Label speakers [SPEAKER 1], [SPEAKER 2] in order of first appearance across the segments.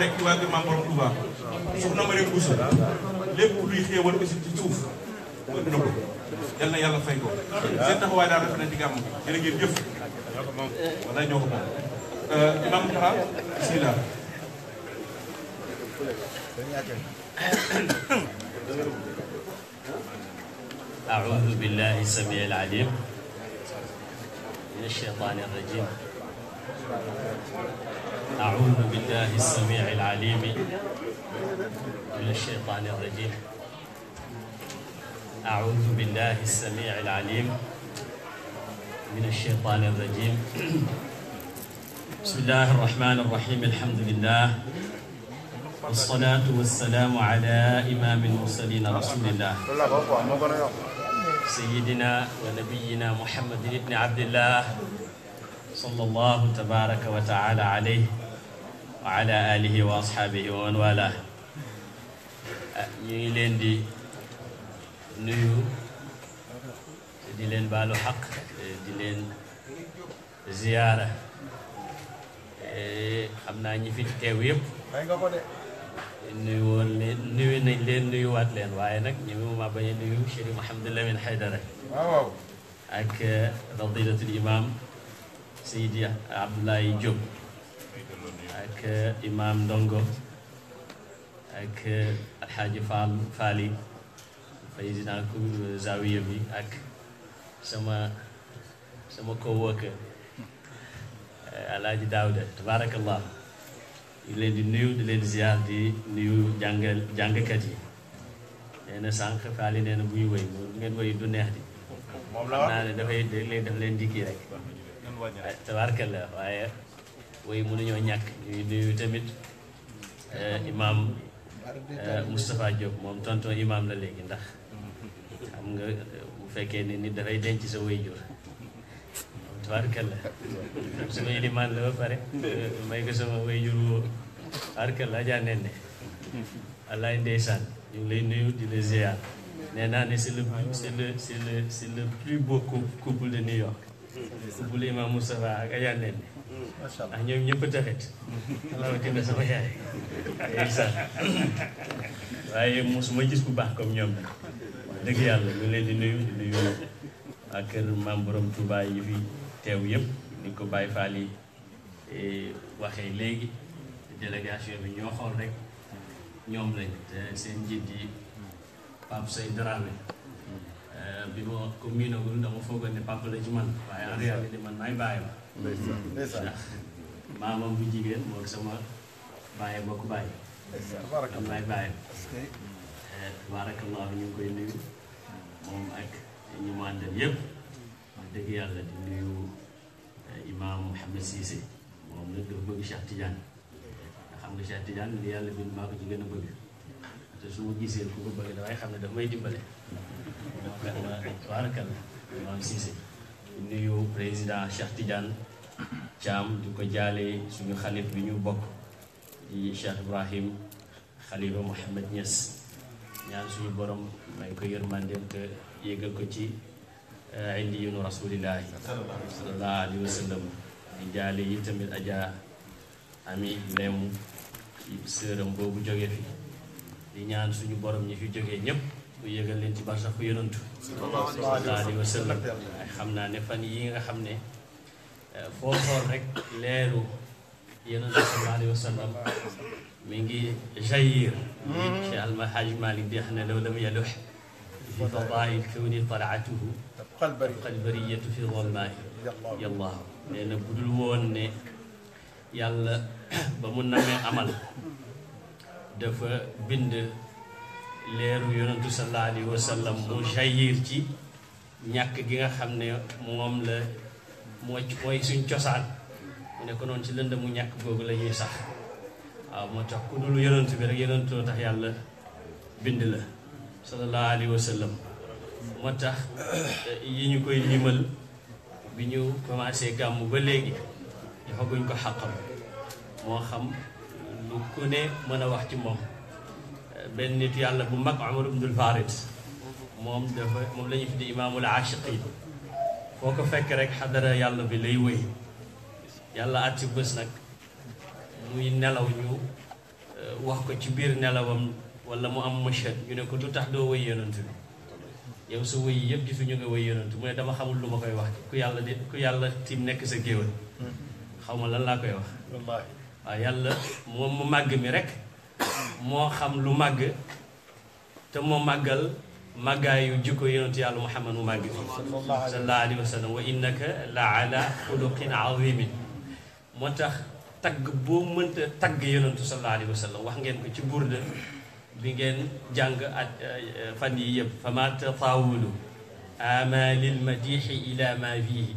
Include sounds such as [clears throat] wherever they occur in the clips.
[SPEAKER 1] rek ci waa kër maam borom Touba soxna ma rek Bousso lépp luy xéewal aussi ci suuf mu ëpp na ko yal na yàlla fay ko seen taxawaay daal rafet na ci gàmm jërë ngeen jëf wala ñoo ko moom euh, imam Moutara bismillah أعوذ بالله السميع العليم من الشيطان الرجيم أعوذ بالله السميع العليم من الشيطان الرجيم أعوذ بالله السميع العليم من الشيطان الرجيم بسم الله الرحمن الرحيم الحمد لله والصلاة والسلام على إمام المرسلين رسول الله سيدنا ونبينا محمد بن عبد الله sallallahu tabaraka wa taala alayhi wa ala alihi wa ashaabihi wa man wala ñu ngi leen di nuyu di leen baalu xaq di leen ziyaara xam naa ñi fi teew yëpp nuyu woon leen nuyu nañ leen nuyuwaat leen waaye nag ñu mu ma bañ a nuyu Chérif Mouhamadou Lamine Haydara ak eh, fadilatul imam Seydi Abdoulaye Diop ak uh, imam Ndongo ak uh, alxaaji Fall Fali président ku uh, zawiya bi ak sama sama coworker alaaji Daawda tabarakallah di leen di nuyu di leen ziar di nuyu jàngal jàngkat yi nee na sànq Fali nee na buy wéy bu ngeen wéy du neex di naa ne dafay léeg-léeg leen dikki rek tabaarkalla waaye woy mënuñoo ñàkk ñuy nuyu tamit eh, imaam eh, Moustapha Diop moom tonton imaam la léegi ndax xam nga bu fekkee ni nit dafay denc sa way jur tabaarkalla sama ilimaan la ba pare may ko sama way jur woo tabaarkalla jaa nen ne wallaay ndeysaan ñu ngi lay nuyu di la ziar nee naa ne c'est le c'est le c'est le plus beau couple de New York bu la imaam Moustapha ak Adja Ndeye ndax mm. ah, ñoom ñëpp a taxit rawatina sama yaay waaye mosuma gis bu baax comme ñoom nag dëgg yàlla ñu leen di nuyu di nuyu waa kër maam borom Touba yi fi teew yëpp ni ko Baye Fall yi eh, waxee léegi délégation bi ñoo xool rek ñoom lañ te seen njiit yi Pape Seye Dramé bi eh, ah, ma ko miinagul dama foogoon ne papa la ci man waaye en réalité man maay bàyyi maamam bu jigéen moo sama bàyyi bokk bàyyi am maay bàyyi ngi koy nuyu moom ak ñu mu àndal yépp wax dëgg yàlla di nuyu imaam Mouhamed Cissé moom nag dafa bëgg Cheikh Tidiane nga xam nga Cheikh Tidiane li yàlla bind maa ko ci gën bëgg te su ma gisee ko bëgg dafay xam ne daf may dimbale tubaarkalla tubaarkalla maam Cissé nuyu président Cheikh Tidiane Thiam di ko jaalee suñu xalif bi ñu bokk di Cheikh Ibrahim xalifa Mohamed Niass ñaan suñu borom may ko yërmandeem te yégal ko ci eh, indiyinu rasulillahi sallallahu alayhi wa sallam di jaale yi tamit Adja Ami Lemu ci boobu jóge fi di ñaan suñu boroom ñi fi jógee ñëpp mu yëgal leen ci barsaxu yonantu sallallahu alayhi wa sallam waaye xam naa ne fan yi nga xam ne euh, foo xool rek leeru yonantu sallallahu alayhi wa sallam mi ngi jayir ci almahaaj Malik di xam ne law lam yalux fi fadail kawni talaatuhu qalbariyatu fi dolmaahi yallaahu nee na budul woon ne yàlla [clears throat] ba mu namee amal dafa bind leeru yonentu sallallahu alayhi wa sallam mu jaillir ci ñàkk gi nga xam ne moom la moo mooy suñ cosaan mu ne ko noonu ci lënd mu ñàkk googu la ñuy sax waaw moo tax ku dul yonent bi rek yonentoo tax yàlla bind la sallallahu alayhi wa sallam moo tax eh, yi ñu koy limal bi ñu commencé gàmm ba léegi joxaguñ ko xàqam moo xam lu ku ne mën a wax ci moom benn nit yàlla bu mag Umar ibnul Farid moom dafa moom la ñuy tuddee imaamul aashiqiin foo ko fekk rek xadara yàlla bi lay wéy yàlla àtti bés nag muy nelaw ñu euh, wax ko ci biir nelawam wala mu am machad ñu ne ko lu tax doo wéy yonent bi yow sa wéy yëpp gisuñu nga wéy yonent mu ne dama xamul lu ma koy wax ku yàlla de ku yàlla tim nekk sa géwél hmm. xaw ma lan laa koy wax waaw yàlla moom mu màgg mi rek moo xam lu màgg te moo màggal màggaayu jikko yonentu yàlla muhammad mu màgg sallallahu alayhi wa sallam wa innaka la ala xuluqin azimin moo tax tagg boo mënta tagg yonentu sallallahu alayhi wa sallam wax ngeen ko ci burda bi ngeen jàng ak euh, fan yi yëpp fama tatawulu ama lil madixi ila ma fihi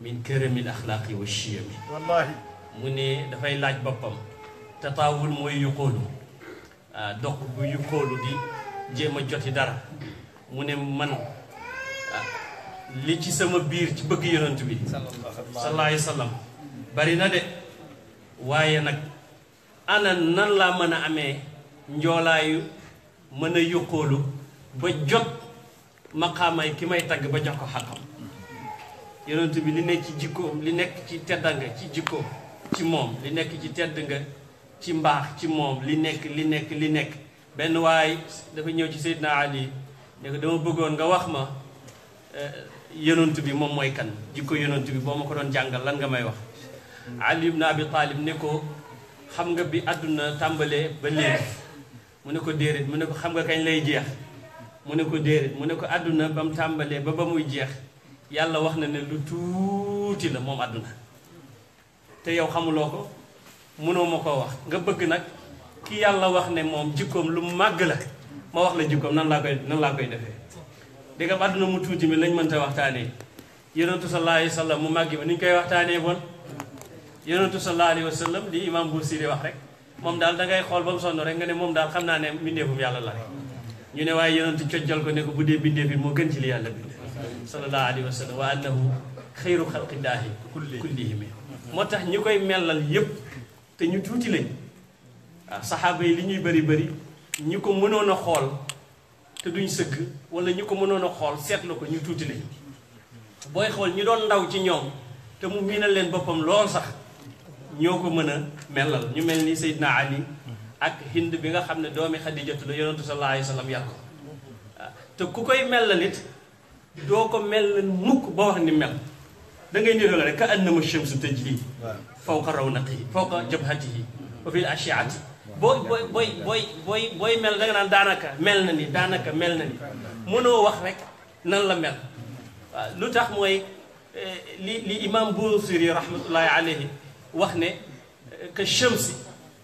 [SPEAKER 1] min këramil axlaaqi wa chiyami wallahi mu ne dafay laaj boppam tatawul mooy yuqoolu Euh, dox bu yu di jéem a joti dara mu ne man euh, li ci sama biir ci bëgg yonent bi sallallahu alayhi wa bari na de waaye nag ana nan laa mën a amee njoolaayu mën a yukkoolu ba jot maqaamay ki may tagg ba jox ko xaqam yonent bi li nekk ci jikkoom li nekk ci tedd ci jikkoom ci moom li nekk ci tedd nga ci mbaax ci moom li nekk li nekk li nekk benn waay dafa ñëw ci Seydina Ali ne dama bëggoon nga wax ma eh, yonent bi moom mooy kan jikko yonent bi boo ma ko doon jàngal lan nga may wax Ali ibn Abi Talib ne ko xam nga bi àdduna tàmbalee ba mu ne ko déedéet mu ne ko xam nga kañ lay jeex mu ne ko déedéet mu ne ko àdduna bam tàmbalee ba ba muy jeex yàlla wax na ne lu tuuti la moom àdduna te yow xamuloo ko mënoo ma koo wax nga bëgg nag ki yàlla wax ne moom jikkoom lu màgg la ma wax la jikkoom nan laa koy nan laa koy defee dégg nga àdduna mu tuuti mi lañ mënta waxtaanee yonentu sallallahu alayhi wa sallam mu màgg mi ni koy waxtaanee bon yonentu sallallahu alayhi wa sallam li imam Buusi di wax rek moom daal da xool ba mu rek nga ne moom daal xam naa ne mbindeefum yàlla la rek ñu ne waaye yonentu cojjal ko ne ko bu dee bindeef bi moo gën ci li yàlla bind sallallahu alayhi wa sallam wa annahu xayru xalqillaahi kullihim moo tax ñi koy melal yépp te ñu tuuti lañ waaw saxaaba yi li ñuy bari bari ñi ko mënoon a xool te duñ sëgg wala ñi ko mënoon a xool seetlu ko ñu tuuti lañ booy xool ñi doon ndaw ci ñoom te mu miina leen boppam lool sax ñoo ko mën a melal ñu mel ni Seydina Ali ak Hind bi nga xam ne doomi Xadijatu la yonentu sallallahu alayhi wa sallam yar ko te ku koy melal it doo ko melal mukk ba wax ni mel da ngay niroo rek ka annama shamsu tajli fawqa rawnaqi fawqa jabhatihi wa fi ashiati booy booy booy booy booy booy mel da nga naan daanaka mel na ni daanaka mel na ni mënoo wax rek nan la mel waaw lu tax mooy eh, li li imam Busiri rahmatullahi alayhi wax ne ka shamsi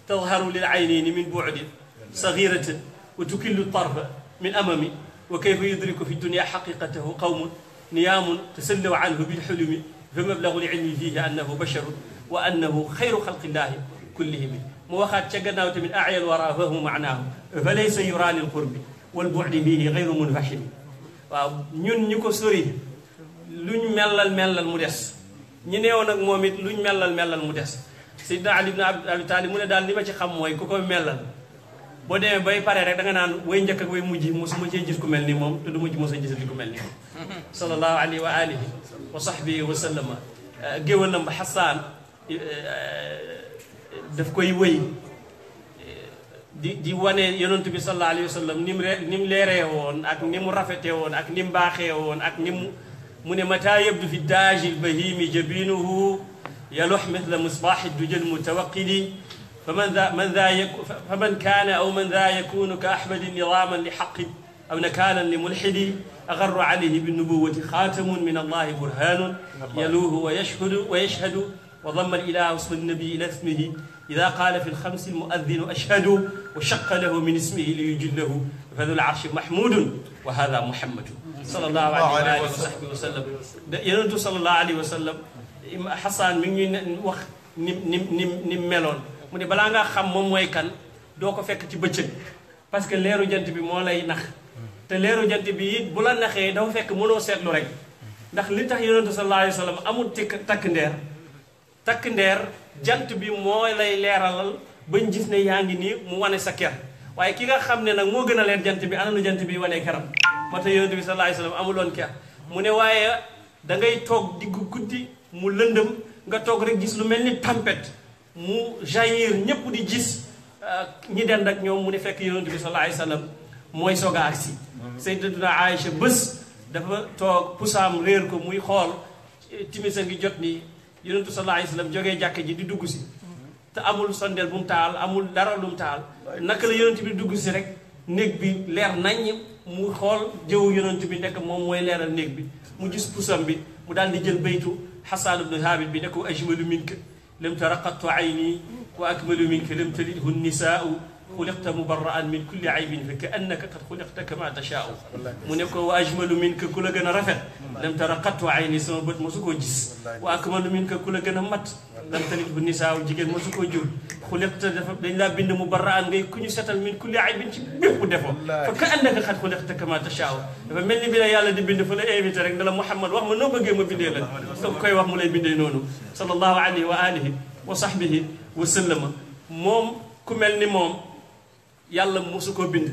[SPEAKER 1] tadharu lil aynayni min bu'din saghiratan wa tukillu tarfa min amami wa kayfa yudriku fi dunya haqiqatahu qawmun niyamun tasallaw anhu bil hulumi fa mablaghu l ilmi fihi annahu basharun wa annahu xayru xalqillaahi kullihimi mu waxaat ca gannaaw tamit ayal wara fahu maanaahu fa laysa yuraani lqurbi wal bu'di bihi xayru munfaximi waaw ñun ñu ko sori luñ mellal mellal mu des ñu neewoon ak moom it luñ mellal mellal mu des sidna ali ibn abi taalib mu ne daal li ma ci xam mooy ku ko mellal boo demee bay pare rek da nga naan way njëkk ak way mujj mosuma cee gis ku mel ni moom te du mujj mosa gis ku mel ni moom [laughs] sallallahu alayhi wa alihi wa sahbihi wa sallama géwëlam ba xasaan Euh, daf koy wëy di di wane yonent bi sallallahu alayhi wa sallam ni mu re ni mu leeree woon ak ni mu rafetee woon ak ni mu baaxee woon ak ni mu mu ne mata yabdu fi daajil bahimi jabinuhu yalux mithla misbaaxi dujal mutawaqidi faman daa man daa yaku faman kaana aw man daa yakunu ka ahmadi nidaman li xaqi aw nakaanan li mulxidi agarru alayhi binnubuwati xaatamun min allahi burhanun yaluuhu wa yashhadu wa yashhadu wa damma al ilaa wasfa nabi ila ismihi ida qaala fi lxamsi almuadinu ashhadu wa shaqa lahu min ismihi li yujillahu fadul arshi mahmudun wa hada muhammadu sallallahu alayhi wa sahbihi wa sallam yonentu sallallahu alayhi wa sallam xasaan mi ngi ñuy wax ni ni ni ni meloon mu ne balaa ngaa xam moom mooy kan doo ko fekk ci bëccëg parce que leeru jant bi moo lay nax te leeru jant bi it bu la naxee dafa fekk mënoo seetlu rek ndax li tax yonentu sallallahu alayhi wa sallam amul tikk takk ndeer takk ndeer jant bi moo lay leeralal bañ gis ne yaa ngi nii mu wane sa ker waaye ki nga xam ne nag moo gën a leer jant bi ana jant bi wane keram moo tax yonent bi sallallahu alayhi wa amuloon ker mu ne waaye da ngay toog diggu guddi mu lëndëm nga toog rek gis lu mel ni tempête mu jaillir ñépp di gis euh, ñi dend ak ñoom mu ne fekk yonent bi sallallahu alayhi wa sallam mooy soog a agsi sayyidatuna Aïcha bés dafa toog pusaam réer ko muy xool timisa ngi jot nii yonentu sallallahu alayhi wa sallam jógee jàkk ji di dugg si te amul sondeel bu mu taal amul dara lu mu taal naka la yonent bi dugg si rek néeg bi leer naññ mu xool jëwu yonent bi nekk moom mooy leeral néeg bi mu gis pusam bi mu daal di jël baytu xasaan ibnu haabit bi ne ko ajmalu minka lam tara qattu ayni wa akmalu minka lam talidhu nisaau xuliqta mubarraan min kulli aybin fa kaannaka qad xuliqta kama tashaau mu ne ko wa ajmalu minka ku la gën a rafet lam tara qattu ayni sama bët mosu koo gis wa akmalu minka ku la gën a mat lam talit bu nisaaw jigéen mosu koo jur xuliqta dafa dañ laa bind mubarraan ngay ku ñu setal min kulli aybin ci bépp defo fa kaannaka qad xuliqta kama tashaau dafa mel ni bi la yàlla di bind fa la invité rek ne la Mouhamad wax ma noo bëggee ma bindee la soo koy wax mu lay bindee noonu sallallahu alayhi wa alihi wa sahbihi wa sallama moom ku mel ni moom yàlla mosu koo bind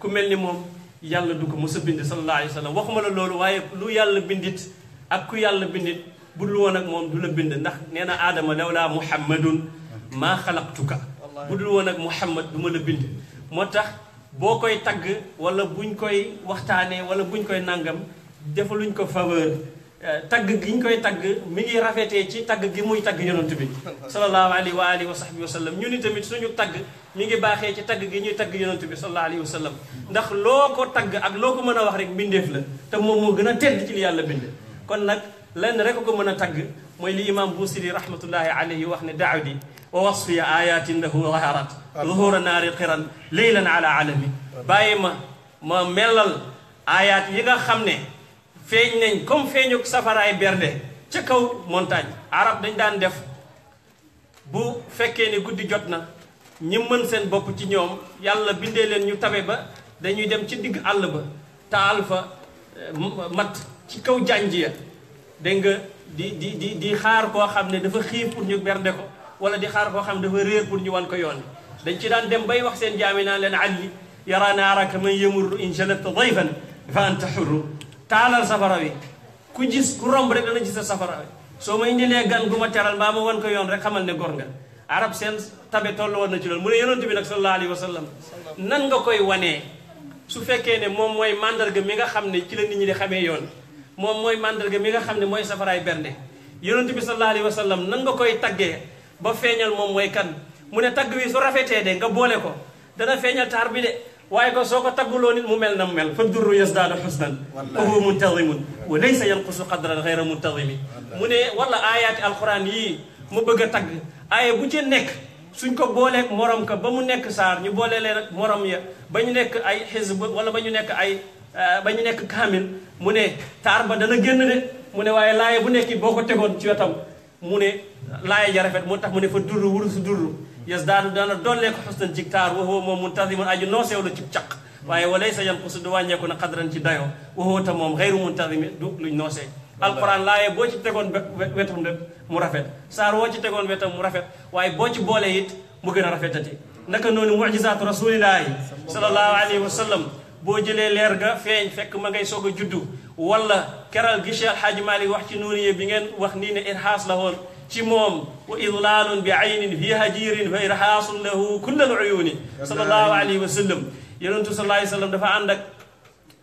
[SPEAKER 1] ku mel ni moom yàlla du ko mos a bind sallallahu alayhi wa sallam waxuma la loolu waaye lu yàlla bindit ak ku yàlla bindit bu dul woon ak moom du la bind ndax nee na aadama lawlaa muhammadun maa xalaqtuka bu dul woon ak muhammad du ma la bind moo tax boo koy tagg wala buñ koy waxtaanee wala buñ koy nangam defaluñ ko faveur Euh, tagg gi ñu koy tagg mi ngi rafetee ci tagg gi muy tagg yonent bi [laughs] sallallahu alayhi wa alihi wa sahbihi wa sallam ñu ni tamit suñu tagg mi ngi baaxee ci tagg gi ñuy tagg yonent bi sallallahu alayhi wa sallam ndax loo ko tagg ak loo ko mën a wax rek mbindeef la te moom moo gën a tedd ci li yàlla bind kon nag lenn rek ko mën a tagg mooy li imam Busiri rahmatullahi alayhi wax ne daaw di wa wasfiya ayatin lahu zaharat zuhura naari qiran leylan ala alami bàyyi ma ma melal ayaat yi nga xam ne feeñ nañ comme feeñu safaraay berde ca kaw montagne arab dañ daan def bu fekkee ne guddi jot na ñi mën seen bopp ci ñoom yàlla bindee leen ñu tabe ba dañuy dem ci digg àll ba taal fa eh, mat ci kaw jànj ya dégg nga di di di di xaar koo xam ne dafa xiif pour ñu bernde ko wala di xaar koo xam ne dafa réer pour ñu wan ko yoon dañ ci daan dem bay wax seen jaami naa leen alli yi naaraka man yamurru in jalabta dayfan fa anta xurru taalal safara wi ku gis ku romb rek dana gis a safara wi soo ma indilee gan gu ma teral mbaa ma wan ko yoon rek xamal ne gor nga arab seen tabe tollu woon na ci loolu mu ne yonent bi nag sallallahu alayhi wa sallam nan nga koy wanee su fekkee ne moom mooy mandarga mi nga xam ne ci la ñi di xamee yoon moom mooy mandarga mi nga xam ne mooy safaraay bernde yonent bi sallallahu alayhi wa sallam nan nga koy taggee ba feeñal moom mooy kan mu ne tagg wi su rafetee de nga boole ko dana feeñal taar bi de waaye ko soo ko tagguloo nit mu mel na mu mel fa durru yasdaadu xusnan wa huwa muntazimun wa laysa yanqusu qadran gayra muntazimi mu ne wala aayaati alquran yii mu bëgg a tagg aaya bu ci nekk suñ ko booleeg morom ka ba mu nekk saar ñu boole leen ak morom ya ba ñu nekk ay xisb wala ba ñu nekk ay eh, ba ñu nekk kaamil mu ne taar ba dana génn de mu ne waaye laaye bu nekk boo ko tegoon ci wetam mu ne laaya ja rafet moo tax mu ne fa durru wurus durru yes daadu dana dollee ko xusnan cig taar waxoo moom muntasimun aju nooseew la cib caq waaye walay sa yan xusu du wàññeeku na xadran ci dayoo waxoo ta moom xayru muntasimi du luñ noosee alquran laaye boo ci tegoon wetam rek mu rafet saar woo ci tegoon wetam mu rafet waaye boo ci boolee it mu gën a rafetati naka noonu mujizaatu rasulillahi sallallahu alayhi wa sallam boo jëlee leer ga feeñ fekk ma ngay soog a juddu wala keral gi Cheikh Hadji Malick wax ci nuuniye bi ngeen wax nii ne irhaas la woon ci moom wa idlalun bi aynin fiha jiirin fa irxaasun lahu kullal uyuni sallallahu alayhi wa sallam yonentu sallallahu alayhi wa sallam dafa ànd ak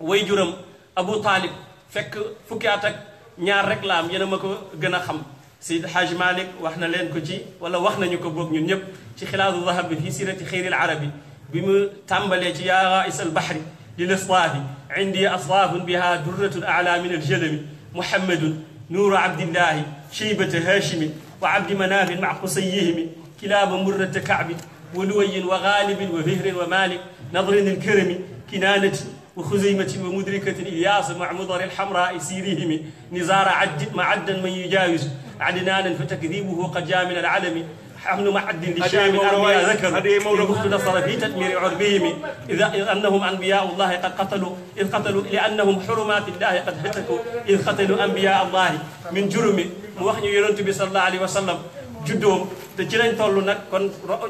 [SPEAKER 1] way juram abu taalib fekk fukki at ak ñaar rek la am yéen a ma ko gën a xam Seydi Hajj Malik wax na leen ko ci wala wax nañu ko boog ñun ñëpp ci xilaadu zahab bi fii sirati xayril arabi bi mu tàmbalee ci yaa raisal bahri lil asfaafi indi asfaafun biha durratun ala min aljalami muhammadun nuuru abdillahi shaybata haashimi wa abdi manaafin maa qusayihimi kilaaba murrata kaabi wa luwayin wa gaalibin wa fihrin wa malik nadrin ilkarami kinaanati wa xuzaymatin wa mudrikatin ilyaasa ma mudari alxamraai siirihimi nizaara addi ma addan man yujaawisu adnaanan fa takdibuhu qad jaa min alalami حمل معد للشام الأنبياء ذكر إن اختصر في تدمير عربهم إذا أنهم أنبياء الله قد قتلوا إذ قتلوا لأنهم حرمات الله قد هتكوا إذ قتلوا أنبياء الله من جرم mu wax ñu yonent bi sallallahu alayhi wa sallam juddoom te ci lañ toll nag kon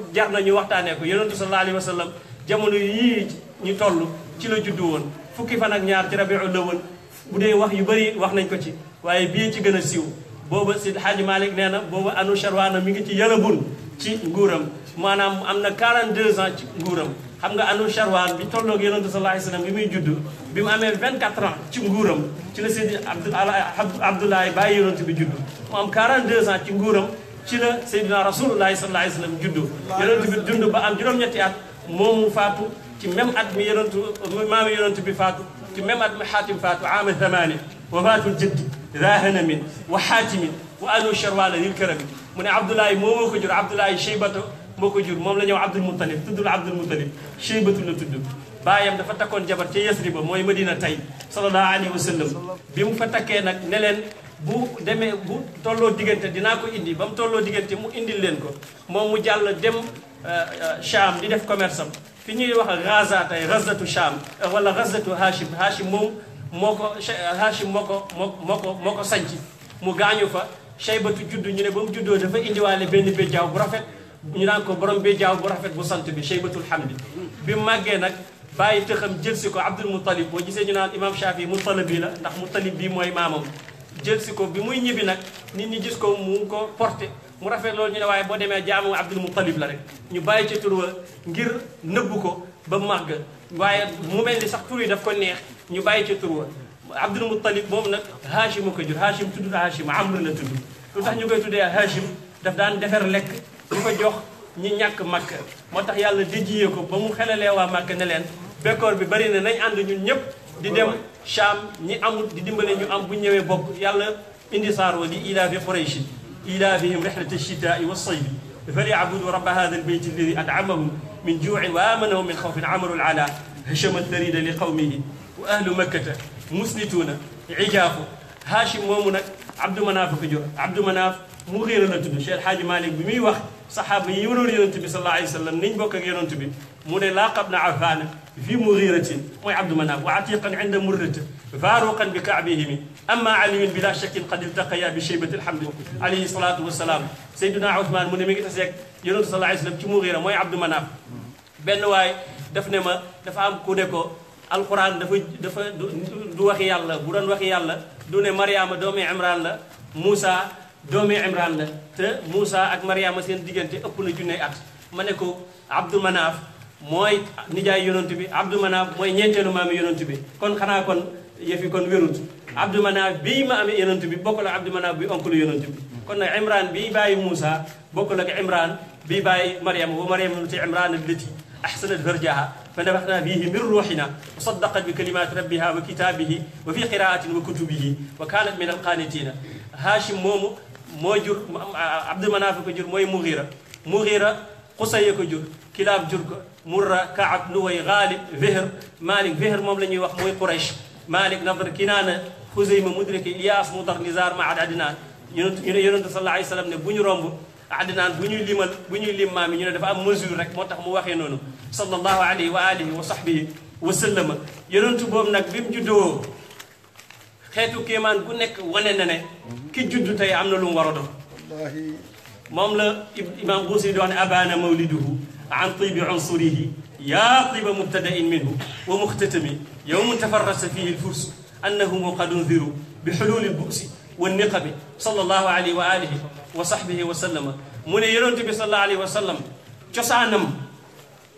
[SPEAKER 1] jar na ñu waxtaanee ko yonent sallallahu alayhi wa sallam jamono yii ñu toll ci la juddu woon fukki fan ak ñaar ci rabiul awwal bu dee wax yu bëri wax nañ ko ci waaye bii ci gën a siiw boobu Seydi Hadji Malick nee na booba Anou na mi ngi ci yëlëbun ci nguuram maanaam am na 42 ans ci nguuram xam nga Anou Sharwan bi tolloog yonent bi sallallahu alayhi wa sallam bi muy judd bi mu amee 24 ans ci nguuram ci la Seydi Abdoulaye bàyyi yonent bi judd mu am 42 ans ci nguuram ci la Seydina Rasulullahi sallallahu alayhi wa sallam judd yonent bi dund ba am juróom-ñetti at moomu faatu ci même at mi yonantu maami bi faatu ci même at mi xaatim faatu aama zamani wa faatul jëddi zahana min wa xaatimin wa anu sharwala lil karami mu ne abdoulaye moo moo ko jur abdoulaye cheybato moo ko jur moom la ñëw abdul mutalib tuddul abdul mutalib cheybatu la tudd baayam dafa takkoon jabar ca yasriba mooy madina tay sallallahu alayhi wa sallam bi mu fa takkee nag ne bu demee bu tolloo diggante dinaa ko indi ba mu tolloo diggante mu indil leen ko moom mu jàll dem Cham euh, euh, di def commerce ki ñuy wax Gaza tey Gazatu Sham eh, wala Gazatu Hashim Hashim moom moo ko eh, Hashim moo ko moo moo ko moo ko sanc mu gaañu fa Shaybatu juddu ñu ne ba mu juddoo dafa indiwaale benn béjjaaw bu rafet ñu naan ko borom be béjjaaw bu rafet bu sant bi Shaybatul Hamdi bi mu màggee nag bàyyi tëxam jël si ko Abdul Muttalib boo gisee ñu naan imam Shafi Muttalibi la ndax mu Muttalib bi mooy maamam jël si ko bi muy ñibbi nag nit ñi jis ko mu ko porté mu rafet loolu ñu ne waaye boo demee jaamu Abdul Muttalib la rek ñu bàyyi ca tur ngir nëbbu ko ba màgg waaye mu mel ni sax tur yi daf ko neex ñu bàyyi ca tur wa Abdul Muttalib moom nag Hachim moo ko jur Hachim tudd Hachim Amr la tudd lu tax ñu koy tuddee Hachim daf daan defar lekk ñu ko jox ñi ñàkk màkk moo tax yàlla déjiyee ko ba mu xelalee waa màkk ne leen bekkoor bi bari na nañ ànd ñun ñëpp di dem Cham ñi amul di dimbale ñu am bu ñëwee bokk yàlla indi saaroo di ilaa bi Quraysh إيلافهم رحلة الشتاء والصيف فليعبدوا رب هذا البيت الذي أدعمهم من جوع وآمنهم من خوف عمروا العلا هشم الثريد لقومه وأهل مكة مسنتون عجاف هاشم moomu nag Abdou Manaaf ko jur Abdou Manaaf mu réer la tudd Cheikh Hadji Malick bi muy wax saxaaba yi waroon yonent bi sallallahu alayhi wa sallam niñ bokk ak yonent bi mu ne laa qab na afaana fi mughiratin mooy abdu manaaf wa atiqan inda murrata faaruqan bi kaabihimi amma aliyun bila shakkin qad iltaqaya bi shaybati alhamdi alayhi salatu wasalaam sayduna Ousmane mu ne mi ngi taseeg yonentu sallallahu alayhi wasallam ci mughira mooy abdu manaaf benn waay daf ne ma dafa am ku ne ko alquran dafa dafa du waxi yàlla bu doon waxi yàlla du ne mariama doomi imran la moussa doomi imran la te moussa ak mariama seen diggante ëpp na junne at ma ne ko abdu manaaf mooy nijaay yonent bi Abdou Manaaf mooy ñeenteelu maami yonent bi kon xanaa kon yëfi kon wérut Abdou Manaaf bii ma amee yonent bi bokkul ak Abdou Manaaf bi oncle yonent bi kon nag Imran bii bàyyi Moussa bokkul ak Imran bii bàyyi Mariam wa Mariam ti Imran allati ahsanat farjaha fa nafaxna fihi min ruuxina wa saddaqat bi kalimati rabbiha wa kitaabihi wa fi qiraatin wa kutubihi wa kaanat min alqaanitina Hachim moomu moo jur Abdou Manaaf ko jur mooy Mughira Mughira xusay ko jur kilaab jur ko murra kaab luway gaalib véhér malik véhér moom la ñuy wax mooy quraysh malik na kinaana xusayma mudrika ilyaas mudar nizar maad adinaan yonent ñu ne yonent sallallahu alayhi wa sallam ne bu ñu romb adinaan bu ñuy limal bu ñuy lim maam ñu ne dafa am mesure rek moo tax mu waxee noonu sallallahu alayhi wa alihi wa sahbihi wa sallama yonentu boobu nag bi mu juddoo xeetu kéemaan gu nekk wane na ne ki judd tey am na lu mu war a doon moom la imam Busiri di wax ne abana mawliduhu an tibi unsurihi ya tiba mubtadain minhu wa muxtatami yowmun tafarrasa fihi lfursu annahum qad unziru bi xululi lbusi wanniqabi sallallahu alayhi wa alihi wa sahbihi wa sallama mu ne yonent bi sallallahu alayhi wa sallam cosaanam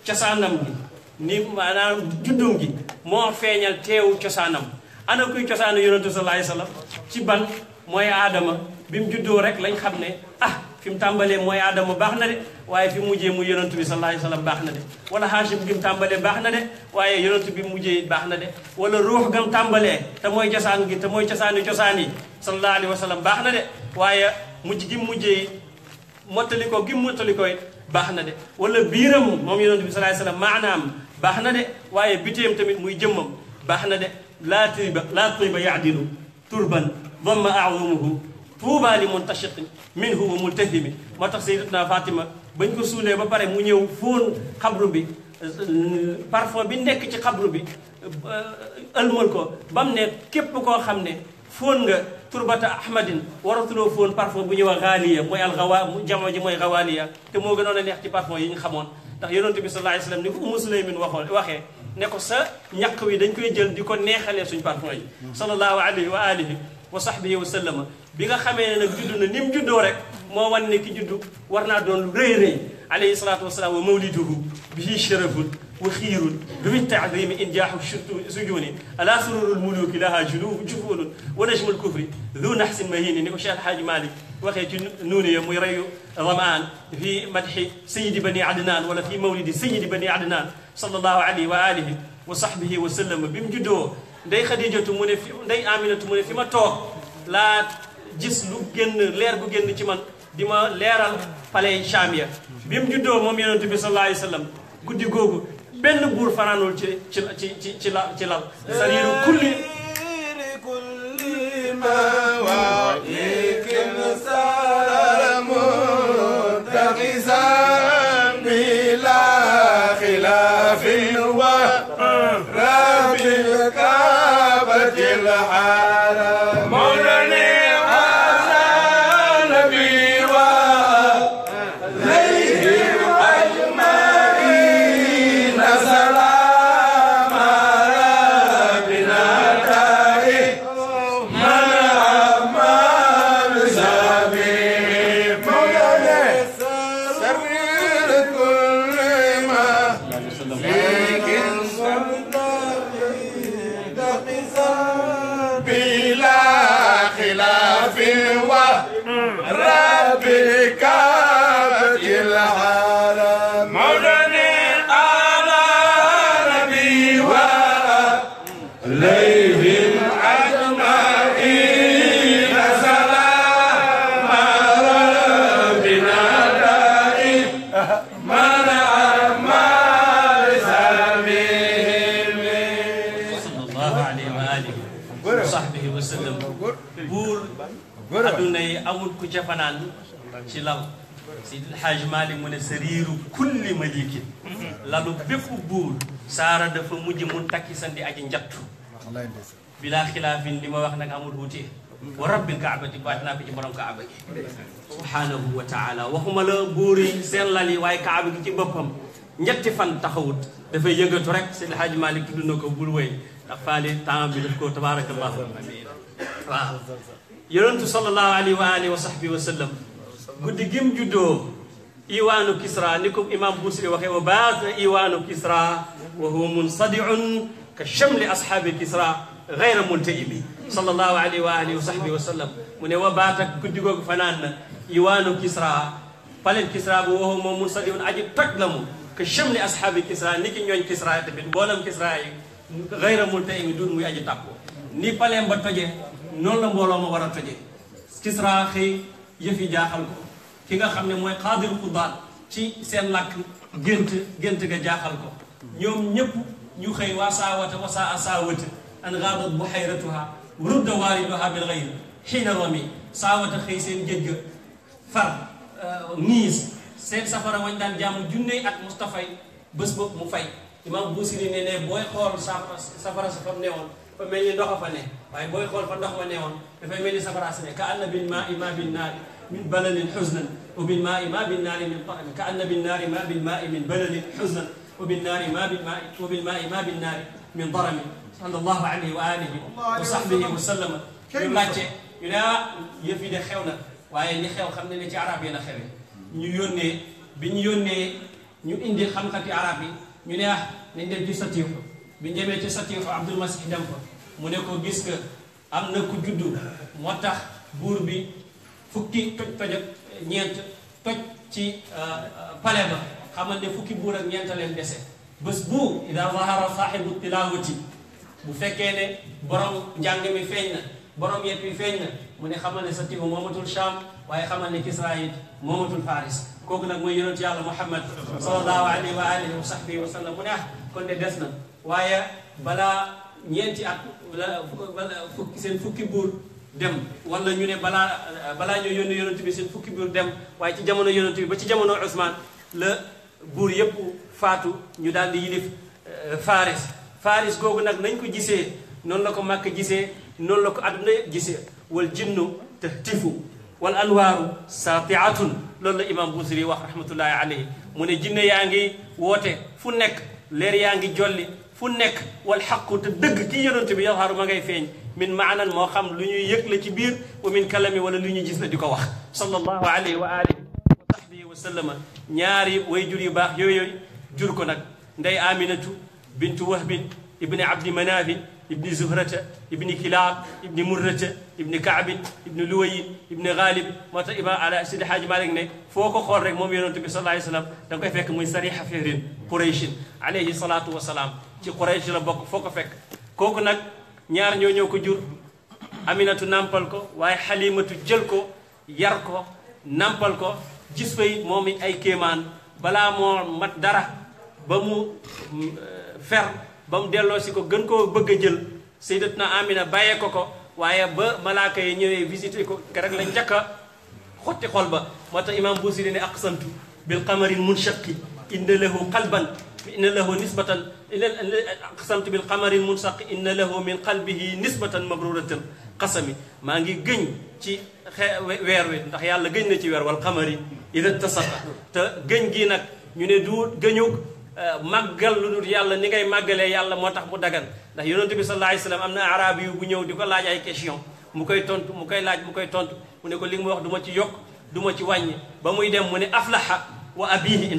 [SPEAKER 1] cosaanam gi ni maanaam juddum gi moo feeñal teewu cosaanam ana kuy cosaanu yonent bi sallallahu alayhi wa sallam ci ban mooy aadama bi mu juddoo rek lañ xam ne ah fi mu tàmbalee mooy aadama baax na de waaye fi mu mujjee muy yonantu bi sallallahu alayhi wa sallam baax na de wala haashim gi mu tàmbalee baax na de waaye yonantu bi mujjee baax na de wala ruux gam tàmbalee te mooy cosaan gi mooy cosaani cosaan yi sallallahu alayhi wa sallam baax na de waaye mujj gi mujjee mottali ko gi mottali ko baax na de wala biiram moom yonantu bi maanaam baax na de waaye biteem tamit muy jëmmam baax na de laa tiba laa tiba yaadilu turban damma aadumuhu tuubaa li muntashiqin minhu wa multahimi moo tax sayyidatuna Fatima bañ ko suulee ba pare mu ñëw fóon xabru bi parfum bi nekk ci xabru bi euh, ëlmal ko ba mu ne képp koo xam ne fóon nga turbata ahmadin war fóon parfum bu ñuy wax gaaliya mooy algawa jamono ji mooy gawaaliya te moo gënoon a neex ci parfum yi ñu xamoon ndax yonent bi sallallahu alayhi wasallam ni ko Umu Sulaymin waxoon waxee ne ko sa ñaq wi dañ koy jël di ko neexalee suñ parfum yi mm-hmm. sallallahu wa alihi wa sahbihi wa sallama bi nga xamee ne nag judd na ni mu juddoo rek moo wan ne ki juddu war naa doon lu rëy rëy alayhi salaatu wa salaam wa mawliduhu bihi sharafun wa xiirun duwi taadimi in jaaxu sujuuni ala sururul muluki laha jufuulun wa najmul kufri du naxsin mahini ni ko Cheikh Alhaaji Malick waxee ci nuuni ya muy reyu ramaan fi madxi sayidi bani adnaan wala fi mawlidi sayidi bani adnaan sallallahu alayhi wa alihi wa sahbihi wa sallama bi mu juddoo ndey xadijatu mu ne fi ndey aminatu fi ma toog laa gis lu génn leer gu génn ci man di ma leeral palais Cham ya bi mu juddoo moom yonent bi sallallahu alayhi wa sallam guddi googu benn buur fanaanul ci ci ci ci la ci lal sariiru ca fanaan ci lal Sidil Hajj Malik mu ne kulli malikin lalu bépp buur saara dafa mujj mun takki sandi aji njattu bilaa xilaafin li wax nag amul wuute wa rabbil kaabati baat naa borom kaaba subhaanahu wa taala waxuma la buur yi seen lal yi waaye kaaba gi ci boppam ñetti fan taxawut dafay yëngatu rek Sidil Hajj Malik tudd na ko bul woy ndax bi daf tabaarakallahu waaw yonentu sallallahu alayhi wa alihi wa sahbihi wa sallam guddi gim juddoo iwaanu kisra ni ko imam Busiri waxee wa baata iwaanu kisra wa huwa munsadiun ka chamli ashaabi kisra gayra muntaimi sallallahu alayhi wa alihi wa sahbihi wa sallam mu ne wa baata guddi googu fanaan na iwaanu kisra palen kisra bu wa huwa munsadiun aji toj la mu ka chamli ashaabi kisra ni ki ñooñ kisra tamit mboolam kisra yi gayra muntaimi duun muy aji tàkku ni palen ba tojee noonu la mbooloo ma war a toje Kisra xëy yëfi jaaxal ko ki nga xam ne mooy xaadir xudaat ci seen làkk gént gent ga jaaxal ko ñoom ñépp ñu xëy waa saawata wa saa a saawata an gaadat buhayratuha rudda waariduha bil ghayr xiina rami saawata xëy seen géej far niis euh, seen safara wañ daan jaamu junney ak Mustafay bés bopp mu fay imaam Busiri ne ne booy xool safara safara sa fam newoon fa mel ni ndoxa fa ne waaye booy xool fa ndox ma ne woon dafay mel ni safara si ne ka anna bil maa i ma bin naari min balalin xusnan wa bil maa i ma bin naari min taxin ka anna bin naari ma bil maa i min balalin xusnan wa bin naari ma bil maa wa bil maa i ma bin naari min daramin sallallahu alayhi wa alihi wa sahbihi wa sallama ñu laajte ñu ne ah yëf yi de xew na waaye ñi xew xam ne ne ci arab yi la xewee ñu yónnee bi ñu yónnee ñu indi xam-xati arab yi ñu ne ah nañ def ci satiiku bi njëmee ci Satiifa Abdul Masih dem fa mu ne ko gis nga am na ku juddu moo tax buur bi fukki toj toj ak ci euh, pale ba xamal ne fukki buur ak ñeent leen dese bés bu ida zahara saaxibu tilawati bu fekkee ne borom njàng mi feeñ na borom yet mi feeñ na mu ne xamal ne Satiifa moomatul Sham waaye xamal ne Kisra it moomatul Faris kooku nag mooy yonent yàlla Muhammad sallallahu alayhi wa alihi wa sahbihi wa sallam mu ne ah kon de des na waaye balaa ñeenti at wala fukki seen fukki buur dem wala ñu ne balaa balaa ñoo yónni yonent bi seen fukki buur dem waaye ci jamono yonent ba ci jamono Usmaan la buur yépp faatu ñu daal di yilif euh, Faris Faris googu nag nañ ko gisee noonu la ko màkk gisee noonu la ko àdduna yëpp gisee wal jinnu tahtifu wal anwaaru saatiatun loolu la imam Busiri wax rahmatullahi alayhi mu ne jinne yaa ngi woote fu nekk leer yaa ngi jolli fu nekk wal xaqu te dëgg ci yonent bi yadharu ma ngay feeñ min maanan moo xam lu ñuy yëg la ci biir wa min kalami wala lu ñuy gis la di ko wax sallallahu alayhi wa alihi wa sahbihi wa sallama ñaari way jur yu baax yooyu jur ko nag ndey aminatu bintu wahbin ibni abdi manafin ibni zuhrata ibni kilaab ibni murrata ibni kaabin ibni luwayin ibni ghalib moo tax imam ala sidi haaji malik ne foo ko xool rek moom yonent bi sallallahu alayhi wa sallam da nga koy fekk muy sariha fihrin qurayshin alayhi salatu wasalaam ci Quraysh la bokk foo ko fekk kooku nag ñaar ñoo ñoo ko jur Aminatu nàmpal ko waaye Xalimatu jël ko yar ko nàmpal ko gis fay moom it ay kéemaan balaa moo mat dara ba mu mm, euh, fer ba mu delloo ko gën koo bëgg a jël na Amina bàyyee ko ko waaye ba malaaka yi ñëwee visité ko rek la njëkk a xotti xol ba moo tax imaam Busiri ne aqsamtu bil qamaril munshaqi inna lahu qalban inna lahu nisbatan aqsamtu bil qamaril munsaq inna lahu min qalbihi nisbatan mabruratan qasami maa ngi gëñ ci weer wi ndax yàlla gëñ na ci weer wal qamari ida tasaqa te gëñ gi nag ñu ne du gëñug euh, maggal lu dul yàlla ni ngay màggalee yàlla moo tax mu dagan ndax yonent bi sallallahu alayhi wasallam am na arabi yu bu ñëw di ko laaj ay question mu koy tontu mu koy laaj mu koy tontu mu ne ko li nga ma wax duma ci yokk duma ci wàññi ba muy dem mu ne aflaha wa abihi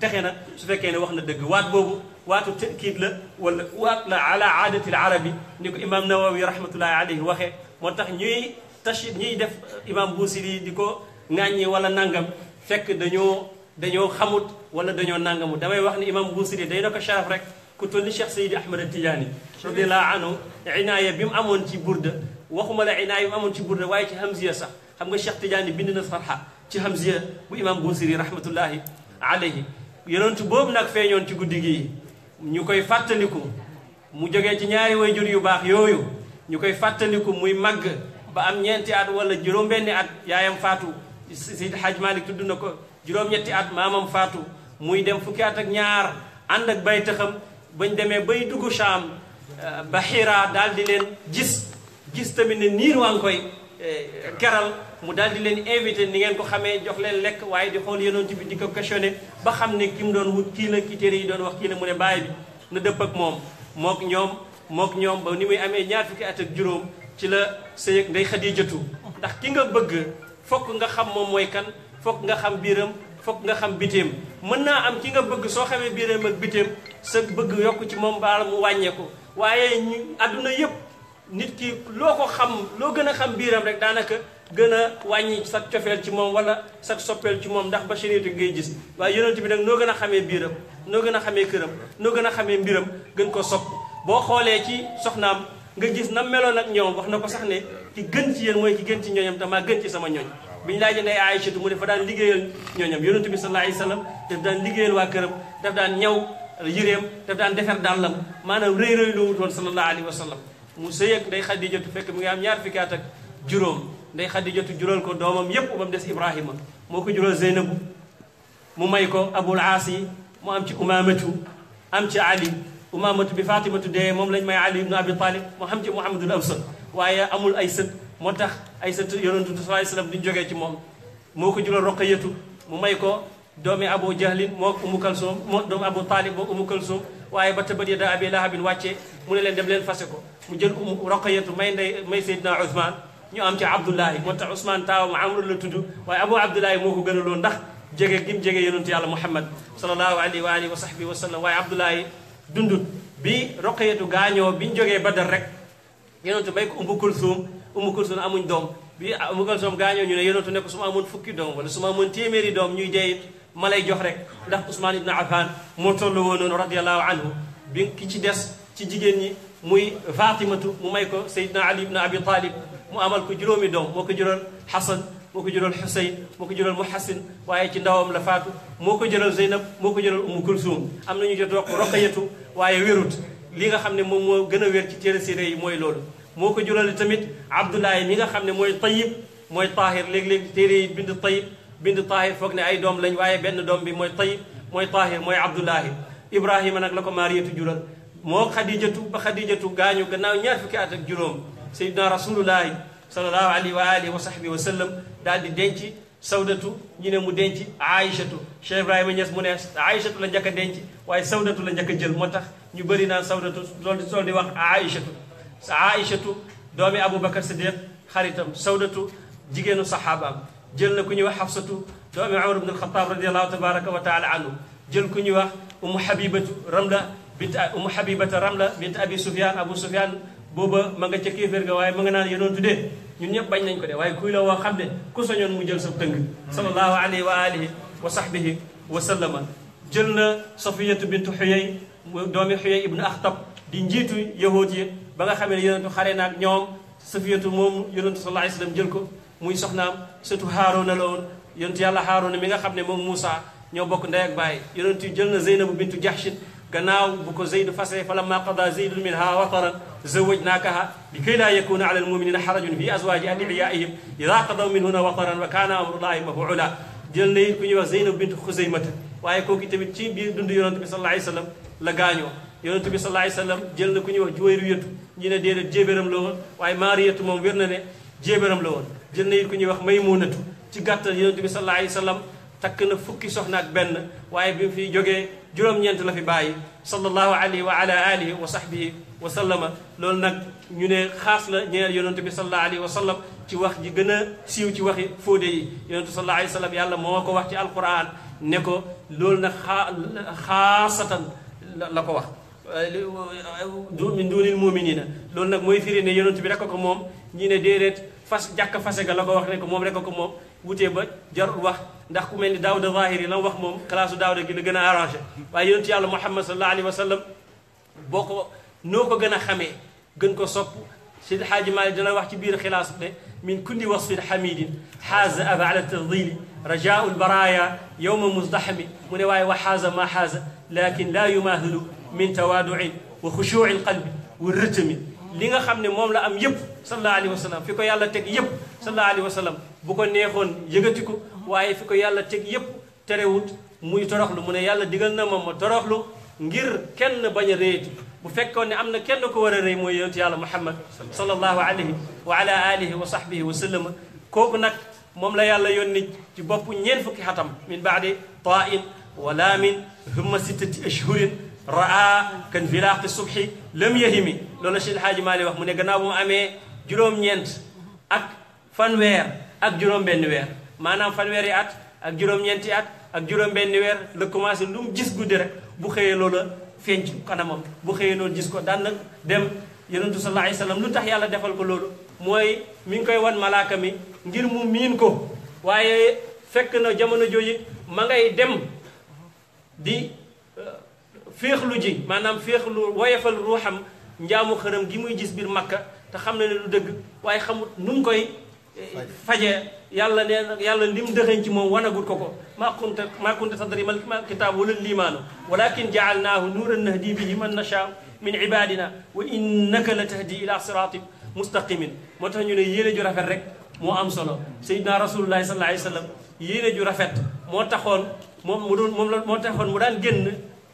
[SPEAKER 1] texe nag su fekkee ne wax na dëgg waat boobu waatu tëkiid la wala waat la ala aadatil arabi ni ko imaam nawawi rahmatullahi alayhi waxee moo tax ñuy tashid ñuy def imaam buusiri di ko ŋàññi wala nangam fekk dañoo dañoo xamut wala dañoo nangamu damay wax ni imaam buusiri day na ko sharaf rek ku toll ni cheikh sayidi ahmad atijaani radiallahu anhu inaaya bi mu amoon ci burda waxuma la inaaya bi mu amoon ci burda waaye ci hamziya sax xam nga cheikh tijaani bind na sarxa ci hamziya bu imaam buusiri rahmatullahi alayhi yonent boobu nag feeñoon ci guddi gi ñu koy fàttaliku mu jógee ci ñaari way wayjur yu baax yooyu ñu koy fàttaliku muy màgg ba am ñeenti at wala juróom-benni at yaayam faatu si Haj Malik tudd na ko juróom-ñetti at maamam faatu muy dem fukki at ak ñaar ànd ak bay taxam bañ demee bay dugg saam Bahira daal di leen gis gis tamit ne niir waa koy eh, keral mu daal di leen invité ni ngeen ko xamee jox leen lekk waaye di xool yonent bi di ko questionné ba xam ne ki mu doon wut kii la ki téere yi doon wax kii la mu ne bàyyi bi na dëpp ak moom mook ñoom mook ñoom ba ni muy amee ñaar fukki at ak juróom ci la sëy ak Ndey Xadijatu ndax ki nga bëgg fokk nga xam moom mooy kan fokk nga xam biiram fokk nga xam bitéem mën naa am ki nga bëgg soo xamee biiram ak bitéem sa bëgg yokk ci moom baal mu wàññeeku waaye ñu àdduna yëpp nit ki loo ko xam loo gën a xam biiram rek daanaka gën a wàññi sa cofeel ci moom wala sa soppeel ci moom ndax ba chenitu ngay gis waaye yonent bi nag noo gën a xamee biiram noo gën a xamee këram noo gën a xamee mbiram gën ko sopp boo xoolee ci soxnaam nga gis na meloon ak ñoom wax na ko sax ne ki gën ci yéen mooy ki gën ci ñooñam te maa gën ci sama ñooñ bi ñu laajee ne Aïchatu mu dafa daan liggéeyal ñooñam yonent bi sallallahu alayhi wasallam daf daan liggéeyal waa këram daf daan ñaw yëreem daf daan defar dàllam maanaam rëy rëy lu wutoon sallallahu alayhi wasallam mu sëy ak day Xadijatu fekk mi am ñaar fukki at juróom ndey xadijatu jural ko doomam yépp ba mu des ibrahima moo ko jural zeynabu mu may ko abul aas yi mu am ci umamatu am ci ali umamatu bi fatimatu dee moom lañ may ali ibnu abi talib mu xam ci muhammadul awsat waaye amul ay sët moo tax ay sët yonentu sallallahu alayhi wasallam duñ jógee ci moom moo ko jural roqayatu mu may ko doomi abu jahlin moo umu kalsoom moo doomi abu talib moo umu kalsoom waaye ba tabat yada abi lahabin wàccee mu ne leen dem leen fase ko mu jël umu roqayatu may ndey may seydina usman ñu am ci abdullahi moo tax Ousmane taawam amru la tudd waaye abu abdullahi moo ko gënaloon ndax jege gi mu jege yonentu yàlla muhammad sallallahu alayhi wa alihi wa sahbihi wa sallam waaye abdullahi dundut bi roqeetu gaañoo bi ñu jógee badar rek yonentu may ko umbu kulsum umbu kulsum amuñ doom bi umbu kulsum gaañoo ñu ne yonentu ne ko su ma amoon fukki doom wala su ma amoon téeméeri doom ñuy dee ma lay jox rek ndax Ousmane ibn Affan moo tollu woon noonu radiallahu anhu bi ki ci des ci jigéen ñi muy fatimatu mu may ko Seydina Ali ibn mu amal ko juróomi doom moo ko jural Xasan moo ko jural Xuseyn moo ko jural Muhasin waaye ci ndawam la faatu moo ko jural Zeynab moo ko jural Umu Kulsum am nañu jot rok roqayatu waaye wérut li nga xam ne moom moo gën a wér ci téere siire yi mooy loolu moo ko jural tamit Abdoulaye mi nga xam ne mooy Tayib mooy Tahir léeg-léeg téere yi bind Tayib bind Tahir foog ne ay doom lañ waaye benn doom bi mooy Tayib mooy Tahir mooy Abdoulaye Ibrahima nag la ko Maariyatu jural moo Xadijatu ba Xadijatu gaañu gannaaw ñaar fukki at ak juróom sayyidina rasulullahi sallallahu alayhi wa alihi wa sahbihi wa daal di denc sawdatu ñu ne mu denc aïchatu Cheikh Ibrahima Niass mu ne aïchatu la njëkk a denc waaye sawdatu la njëkk jël moo tax ñu bëri naan sawdatu loolu loolu di wax aïchatu aïchatu doomi Aboubacar Siddiq xaritam sawdatu jigéenu saxaabaam jël na ku ñuy wax xafsatu doomi Umar ibn al-Xattaab radiyallahu tabaraka wa taala anhu jël ku ñuy wax umu xabibatu ramla bint umu xabibata ramla bint abi sufyaan abu sufyaan booba ma nga ca kéeféer ga waaye ma nga naan yenoon tuddee ñun ñëpp bañ nañ ko de waaye kuy la woo xam ne ku soñoon mu jël sa tënk mm. sallallahu alayhi wa alihi wa sahbihi wa sallama jël na safiyatu bintu xuyey doomi xuyey ibnu di njiitu yahood yi ba nga xamee ne yonentu xare na ak moom yonentu sallallahu alayhi jël ko muy soxnaam surtout Haaruna la woon yonentu yàlla Haaruna mi nga xam ne moom Moussa ñoo bokk ndey ak bàyyi yonentu jël na Zeynabu bintu Jaxshin gannaaw bu ko Zayd fase fa lamma qada zaydun minha wataran zawajnakaha likay laa yakuna ala almuminina xarajun fi azwaji adiyaihim ida qadaw minhuna wataran wa kana amrullahi mafuula jël na ku ñuy wax Zeynab bint Xuzaymata waaye kooku tamit ci biir dund yonent bi sallallahu alayhi wasallam la gaañoo yonent bi sallallahu alayhi wasallam jël na ku ñuy wax Juwayriyatu ñi ne déedéet jéebéram la woon waaye Maariyatu moom wér na ne jéebéram la woon jël na ku ñuy wax Maymunatu ci gàttal yonent bi sallallahu alayhi wasallam takk na fukki soxna ak benn waaye bi mu fiy jógee juróom-ñeent la fi bàyyi sallallahu alayhi wa ala alihi wa sahbihi wa sallama loolu nag ñu ne xaas la ñeel yonentu bi sallallahu alayhi wa sallam ci wax ji gën a siiw ci waxi fóode yi yonentu sallallahu alayhi wa sallam yàlla moo ko wax ci alquran ne ko loolu nag xaa xaasatan la ko wax min duunil muminina loolu nag mooy firi ne yonentu bi rek ko moom ñi ne déedéet fas jàkk fase la ko wax ne ko moom rek ko moom wutee ba jarul wax ndax ku mel ni daawuda zahir yi la wax moom classe daawuda gi la gën a arrangé waaye yonent yàlla muhammad sallallahu alayhi wa sallam boo ko noo ko gën a xamee gën ko sopp Seydi Xaaji Maalik dana wax ci biir xilaas ne min kulli wasfin xamidin xaaza aba ala tafdili rajaul baraya yowma musdaxami mu ne waaye wa xaaza ma xaaza lakin laa yumaahilu min tawaaduin wa xushuuci qalbi wa rëtami li nga xam ne moom la am yëpp sallallahu alayhi wa sallam fi ko yàlla teg yëpp sallallahu alayhi wa sallam bu ko neexoon yëgati ko waaye fi ko yàlla teg yëpp terewut muy toroxlu mu ne yàlla digal na ma ma toroxlu ngir kenn bañ a réyati bu fekkoon ne am na kenn ko war a rëy mooy yonentu yàlla muhammad sallallahu alayhi wa ala alihi wa sahbihi wa sallama kooku nag moom la yàlla yónni ci bopp ñeen fukki xatam min baadi taa sittati ashhurin raa kan filaaqi subhi lam yahimi loolu Cheikh El Hadji Malick wax mu ne gannaaw bu mu amee juróom-ñeent ak fanweer ak juróom-benn weer maanaam fanweeri at ak juróom-ñeenti at ak juróom-benn weer la commencé lu mu gis guddi rek bu xëyee loola feeñ ci kanamam bu xëyee loolu gis ko daan nag dem yonentu sallallahu alayhi wasallam lu tax yàlla defal ko loolu mooy mi ngi koy wan malaaka ngir mu miin ko waaye fekk na jamono jooju ma dem di féexlu ji maanaam féexlu woyefal ruuxam njaamu xërëm gi muy gis biir makka te xam na ne lu dëgg waaye xamut nu koy eh, faje yàlla nee na yàlla lim dëxëñ ci moom wanagut ko ko maa kunta maa kunta tadri mal kitaab wala liimaanu walakin jaalnaahu nuuran nahdi bihi man nashaa min ibadina wa innaka la tahdi ila siraatin mustaqimin moo tax ñu ne yéene ju rafet rek moo am solo sayyidina rasulullahi sallallahu alayhi wa sallam yéene ju rafet moo taxoon moom mu moom la moo taxoon mu daan génn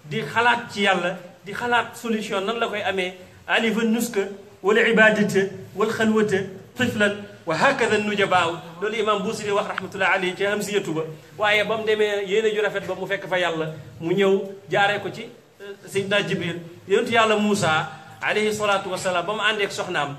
[SPEAKER 1] di xalaat ci yàlla di xalaat solution nan la koy amee alifa nuska wala ibadata wal xalwata tiflan wa hakada nujabaaw loolu imam Buusiri wax rahmatullah alayhi ci hamsiyatu ba waaye ba mu demee yéene ju rafet ba mu fekk fa yàlla mu ñëw jaaree ko ci euh, Seydina Jibril yonentu yàlla Moussa alayhi salaatu wasalaam ba mu àndeek soxnaam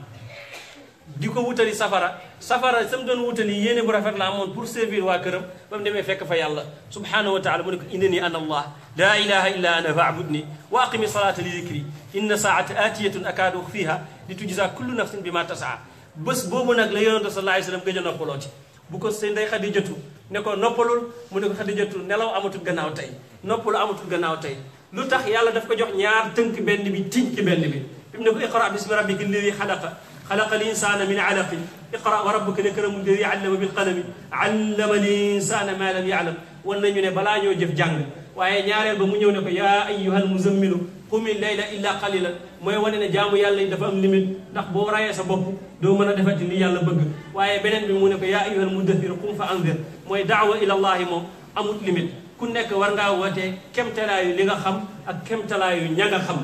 [SPEAKER 1] di ko wutali safara safara sam doon wutali yéene bu rafet la amoon pour servir waa këram ba mu demee fekk fa yàlla subhanahu wa taala mu ne ko innani ana allah la ilaha illa ana faabudni wa aqimi salata li dikri inna saata atiyatun akaadu fiha li tujza kullu nafsin bi ma tasaa bés boobu nag la yonente sallallahu alayhi wasallam gëj a noppaloo ci bu ko seen day xadijatu ne ko noppalul mu ne ko xadijatu nelaw amatul gannaaw tey noppalu amatul gannaaw tey lu tax yàlla daf ko jox ñaar tënk benn bi tiñ ci bi fi mu ne ko iqra bismi rabbika xalaqa linsaana min alaqin iqra wa rabbuka lakramu alladi allama bilqalami allama linsaana ma lam yaalam wan nañu ne balaa ñoo jëf jàng waaye ñaareel ba mu ñëw ne ko yaa ayyuhal muzammilu qumi layla illa qalilan mooy wane ne jaamu yàlla yi dafa am limite ndax boo rayee sa bopp doo mën a defati li yàlla bëgg waaye beneen bi mu ne ko yaa ayyuhal muddathir qum fa anzir mooy daawa ila allahi moom amut limite ku nekk war ngaa wootee kemtalaayu li nga xam ak kemtalaayu ña nga xam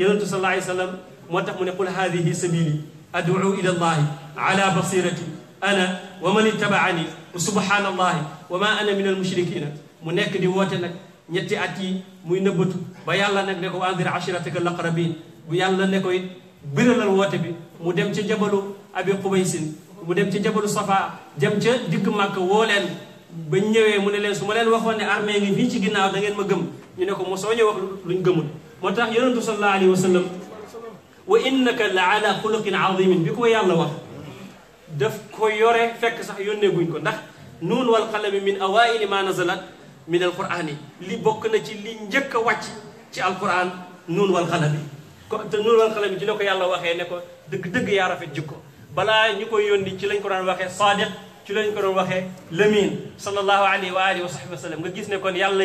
[SPEAKER 1] yonentu sallallahu alayhi wa sallam moo tax mu ne qul haadihi sabili ad'u ila allahi ala basirati ana wa man ittaba'ani wa subhanallahi wa ma ana min almushrikina mu nekk di woote nag ñetti at yi muy nëbbatu ba yàlla nag ne ko wa anzir ashirataka alaqrabin bu yàlla ne ko it bëralal woote bi mu dem ca jabalu abi qubaysin mu dem ca jabalu safa dem ca dikk màkk woo leen ba ñëwee mu ne leen su ma leen waxoon ne armée ngi fii ci ginnaaw ngeen ma gëm ñu ne ko mosoo ñu wax luñ gëmul moo tax yonentu sallallahu alayhi wa wa innaka la ala xuluqin azimin bi ko yàlla wax def ko yore fekk sax yónnee guñ ko ndax nuun wal qalami min awaili ma nazala min alquran yi li bokk na ci li njëkk a wàcc ci alquran nuun wa qalami ko te nuun wal qalami ko yàlla waxee ne ko dëgg-dëgg yaa rafet jikko balaa ñu koy yónni ci lañ ko daan waxee sadiq ci lañ ko doon waxee Lamine sallallahu alayhi wa alihi wa sahbihi wa nga gis ne kon yàlla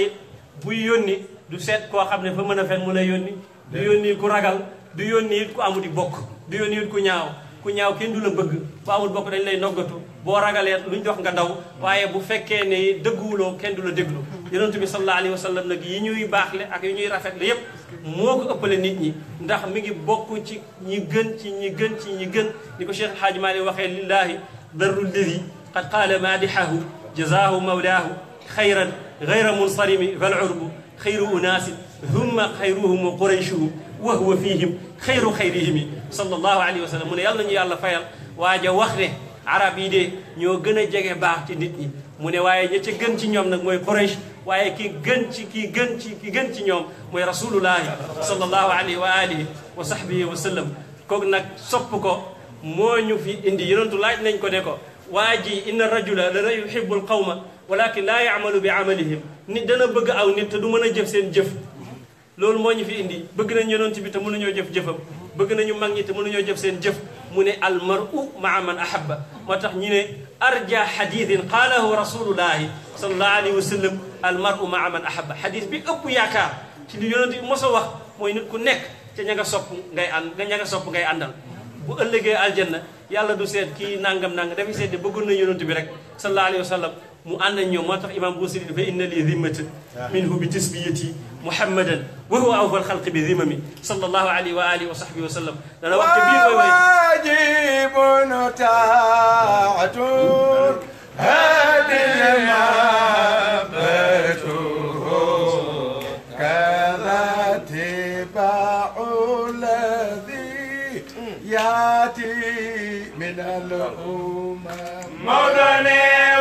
[SPEAKER 1] buy yónni du set koo xam ne fa mën a fen mu lay yónni du yónni ku ragal du yónni it ku amul di bokk du yónni it ku ñaaw ku ñaaw kenn du la bëgg ku amul bokk dañ lay noggatu boo ragalee ñu dox nga daw waaye bu fekkee ne dëgguwuloo kenn du la déglu yonent bi sallallahu alayhi wa sallam nag yi ñuy baaxle ak yi ñuy rafetle yépp moo ko ëppale nit ñi ndax mi ngi bokk ci ñi gën ci ñi gën ci ñi gën ni ko Cheikh Hadj Malick waxee lillaahi darru lladi qad qaala maadihahu jazaahu mawlaahu xayran gayra munsarimi fal urbu xayru unaasin humma xayruhum quraychuhum wa huwa fihim xayru xayrihim yi sallallahu alayhi wa sallam mu ne yàlla nañu yàlla fayal waaja wax ne arab yi de ñoo gën a jege baax ci nit ñi mu ne waaye ña gën ci ñoom nag mooy Quraysh waaye ki gën ci ki gën ci gën ci ñoom mooy rasulullahi sallallahu alayhi wa alihi wa sahbihi wa sallam kooku nag sopp ko moo ñu fi indi tu laaj nañ ko ne ko waa ji inna rajula la yuhibbu al qawma walakin laa yaamalu bi amalihim nit dana bëgg aw nit du mën a jëf seen jëf loolu moo ñu fi indi bëgg nañ yonent bi te mënuñoo jëf jëfam bëgg nañu mag ñi te mënuñoo jëf seen jëf mu ne al mar'u maa man ahabba moo tax ñu ne arja xadithin qaalahu rasulullahi sallallahu alayhi wa ma al mar'u maa man ahabba xadis bi ëpp yaakaar ci li yonent bi mos a wax mooy nit ku nekk ca ña nga sopp ngay ànd ña nga sopp ngay àndal bu ëllëgee aljanna yàlla du seet kii nangam nangam dafay seet bëggoon na yonent bi rek sallallahu alayhi wa sallam mu ànd ak ñoom moo tax imam Busiri fa inna li dhimmatan minhu bi tasbiyati muhammadan wa huwa awfal xalqi bi zimami sallallahu alayhi wa alihi wa sahbihi wa sallam dana wax ci biir way way
[SPEAKER 2] wajibun taatun ياتي من الامم مولانا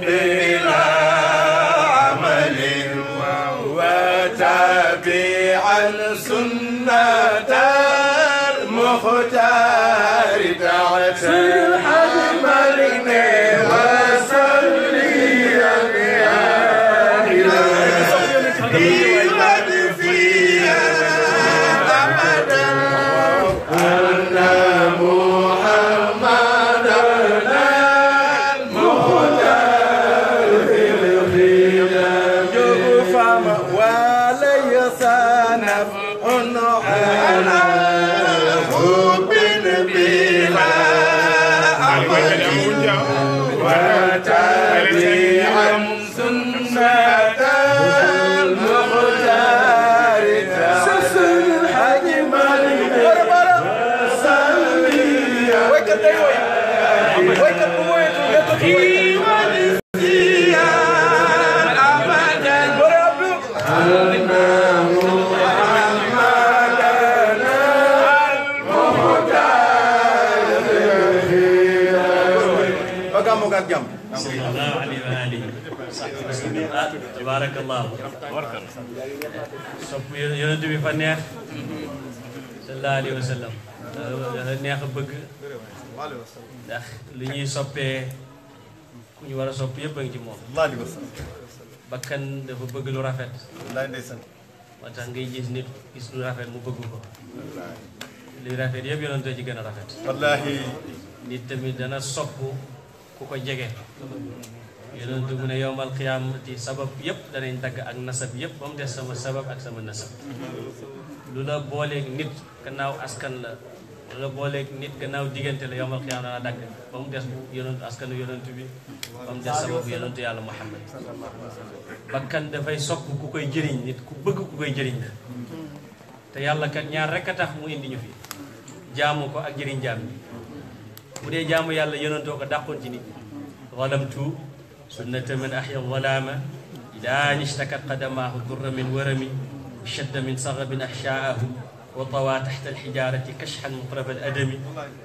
[SPEAKER 2] بلا عمل وتابع السنة المختار دعت الحق
[SPEAKER 1] yonent bi fa neex sallallahu alayhi wa dafa neex a bëgg ndax lu ñuy soppee ku ñu war a sopp yëpp a ngi ci moom bakkan dafa bëgg lu rafet moo tax ngay gis nit gis lu rafet mu bëgg ko luy rafet yëpp yonent ci gën a rafet wallaahi nit tamit dana sopp ku ko jege yonent mu ne yowmal qiyaamati sabab yëpp danañ dagg ak nasab yëpp ba mu des sama sabab ak sama nasab lu la booleeg nit gannaaw askan la lu la booleeg nit gannaaw diggante la yowmal qiyaam dana dagg ba mu des yonent askanu yonent bi ba mu des sababu yonentu yàlla Muhammad bakkan dafay sopp ku koy jëriñ nit ku ku koy jëriñ la te yàlla kat ñaar rek a tax mu indi ñu fi jaamu ko ak jëriñ jaam bi bu dee jaamu yàlla yonentoo ko dàqoon ci nit walamtu sunnata man ahya zalaama ilaa an ishtakat qadamaahu durra min warami shadda min saxabin ahshaahu wa tawaa taxta alxijaarati kashxan mutraf aladami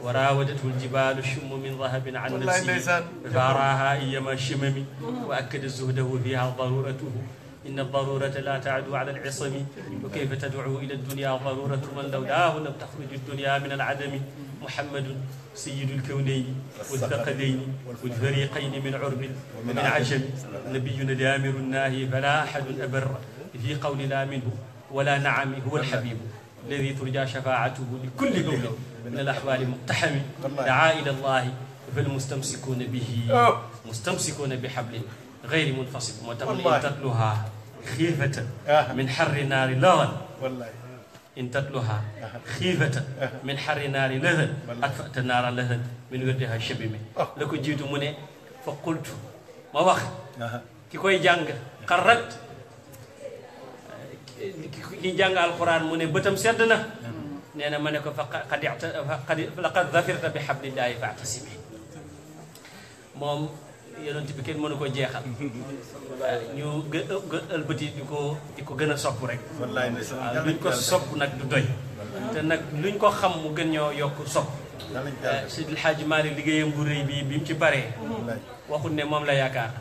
[SPEAKER 1] wa raawadathu aljibaalu shummu min dahabin an nafsihi faaraaha iyama shimami wa akkada zuhdahu fiha daruratuhu inna darurata la taadu ala alisami wa kayfa tadcu ila aldunya daruratu man law laahu lam taxruju aldunya min aladami muhammadun sayidu alkawnayni walthaqalayni walfariqayni min curbin wa min ajami nabiyuna daamiru naahi fala ahadun abarra fi qawlina minhu wala naami huwa alhabibu alladi turja shafaatuhu li kulli mawlin min alaxwaali muqtaxami daa ila allahi falmustamsikuuna bihi mustamsikuuna bihablin غير منفصل moo tax mu ne in tatluha xiifatan min xarri naari lawan in tatluha xiifatan min xarri naari lahan atfata naara lahan min wirdiha shabimi la ko jiitu mu ne fa qultu ma wax ki koy jàng xarrat ki jàng alquran mu ne bëtam sedd na nee na ma ne ko fa qad laqad zafirta bi hablillahi fa'tasimi moom yonent bi kenn mënu ko jeexal [laughs] ñu gë ëlbati di ko di ko gën a sopp rek waaw luñ ko sopp nag du doy te nag luñ ko xam mu gën ñoo yokk sopp eh, si Hadji Malick liggéeyam bu rëy bi bi mu ci paree waxut ne moom la yaakaar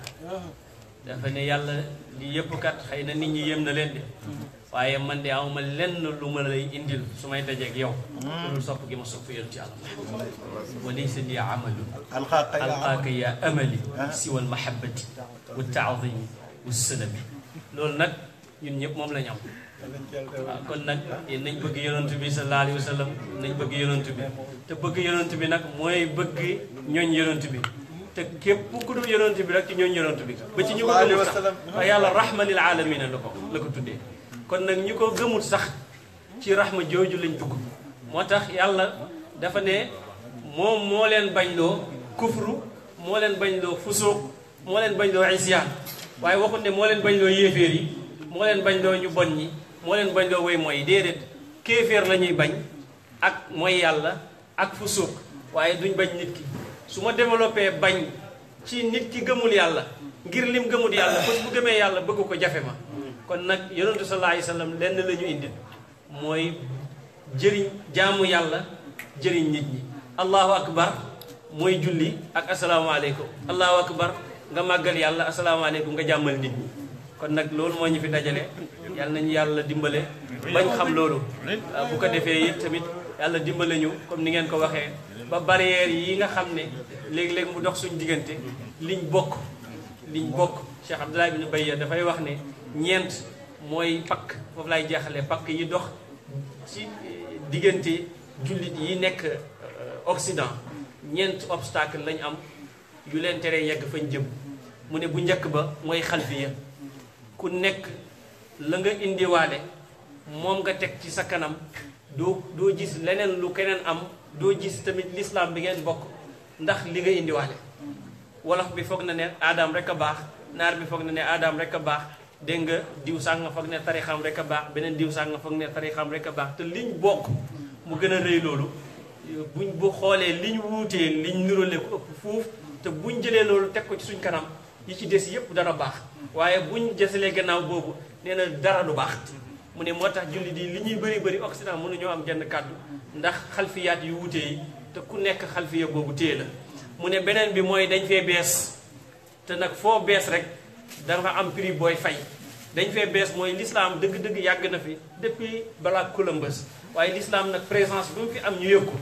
[SPEAKER 1] dafa ne yàlla li yëpp kat xëy na nit ñi yem na leen de mm-hmm. waaye man de awma lenn lu ma lay indil su may dajeeg yow. Hmm. loolu sopp gi ma sopp yoon ci àll. walaysa li amalu. alqaaka ya amali. Ah. siwal mahabbati wa taadimi wa salami. loolu nag ñun ñëpp moom la ñu am. waaw ah, kon nag nañ bëgg yonent bi sallallahu alayhi wa sallam nañ bëgg yonent bi te bëgg yonent bi nag mooy bëgg ñooñ yonent bi. te képp ku dul yonent bi rek ci ñooñ yonent bi. ba ci ñu ko dul sax yàlla rahmanil alamina la ko la ko tuddee. kon nag ñi ko gëmul sax ci raxma jooju lañ dugg moo tax yàlla dafa ne moom moo leen bañ loo kufru moo leen bañ loo fusuuq moo leen bañ loo waaye waxul ne moo leen bañ loo yéeféer yi moo leen bañ loo ñu bon ñi moo leen bañ loo way mooy déedéet kéeféer la ñuy bañ ak mooy yàlla ak fusuuq waaye duñ bañ nit ki su ma développé bañ ci nit ki gëmul yàlla ngir lim gëmul yàlla bés bu gëmee yàlla bëgg ko jafe ma kon nag yonentu sallallahu alayhi wa lenn la ñu indil mooy jëriñ jaamu yàlla jëriñ nit ñi allahu akbar mooy julli ak asalaamaaleykum allahu akbar nga màggal yàlla asalaamaaleykum nga jàmmal nit ñi kon nag loolu mooy ñu fi dajale yàlla nañu yàlla dimbale bañ xam loolu bu ko defee it tamit yàlla dimbale ñu comme ni ngeen ko waxee ba barrière yi nga xam ne léegi léeg mu dox suñ diggante liñ bokk liñ bokk Cheikh Abdoulaye bin Baye dafay wax ne ñeent mooy pakk foofu lay jeexale pakk yi dox ci diggante jullit yi nekk euh, Occident ñeent obstacle lañ am yu leen tere yegg fañ jëm mu ne bu njëkk ba mooy xalfiya ku nekk la nga indiwaale moom nga teg ci sa kanam doo doo gis leneen lu keneen am doo gis tamit lislaam bi ngeen bokk ndax li nga indiwaale wolof bi foog na ne aadam rek a baax naar bi foog na ne aadam rek a baax dégg nga diw sàngam foog ne tarixam rek a baax beneen diw sàngam foog ne tarixam rek a baax te li liñ bokk mu gën a rëy loolu buñ bu xoolee li liñ wuutee liñ nurale ko ëpp fuuf te buñ jëlee loolu teg ko ci suñ kanam yi ci des yépp dara baax waaye buñ jësalee gannaaw boobu nee na dara lu baax mu ne moo tax julli di li ñuy bëri bëri Occident mënuñoo am jenn kàddu ndax xalfiyaat yu wuute yi te ku nekk xalfiya boobu téye la mu ne beneen bi mooy dañ fee bees te nag foo bees rek fa am prix booy fay dañ fee bees mooy l'islam dëgg-dëgg yàgg na fi depuis balaa Columbus waaye l'islam nag présence bu mu fi am ñu yëg ko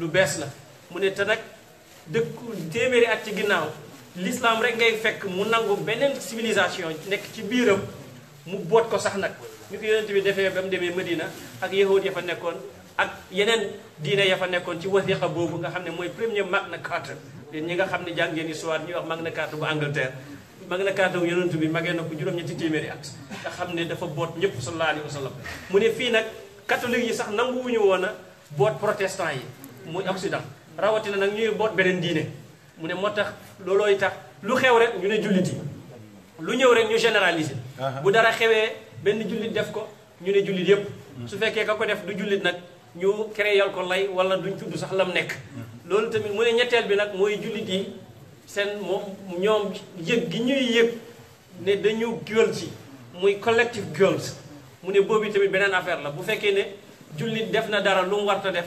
[SPEAKER 1] lu bees la mu ne te nag dëkku téeméeri at ci ginnaaw l'islam rek ngay fekk mu nangu beneen civilisation nekk ci biiram mu boot ko sax nag ni ko yonent bi defee ba mu demee Medina ak yahud ya fa nekkoon ak yeneen diine ya fa nekkoon ci wasiqa boobu nga xam ne mooy premier na Carta ñi nga xam ne jàng ngeen histoire ñuy wax Magna Carta bu mag la kaataw yonent bi magee na ko juróom-ñetti téeméeri at nga xam ne dafa boot ñëpp sallallahu alayhi wa sallam mu ne fii nag catholique yi sax ñëw woon na boot protestant yi muy Occident rawatina nag ñuy boot beneen diine mu ne moo tax loolooy tax lu xew rek ñu ne jullit yi lu ñëw rek ñu généraliser bu dara xewee benn jullit def ko ñu ne jullit yépp hmm. su fekkee ka ko def du jullit nag ñu créé ko lay wala duñ tudd sax lam nekk hmm. loolu tamit mu ne ñetteel bi nag mooy jullit yi seen moom ñoom yëg gi ñuy yëg ne dañu girls ci muy collective girls mu ne boobu tamit beneen affaire la bu fekkee ne jullit def na dara lu mu war def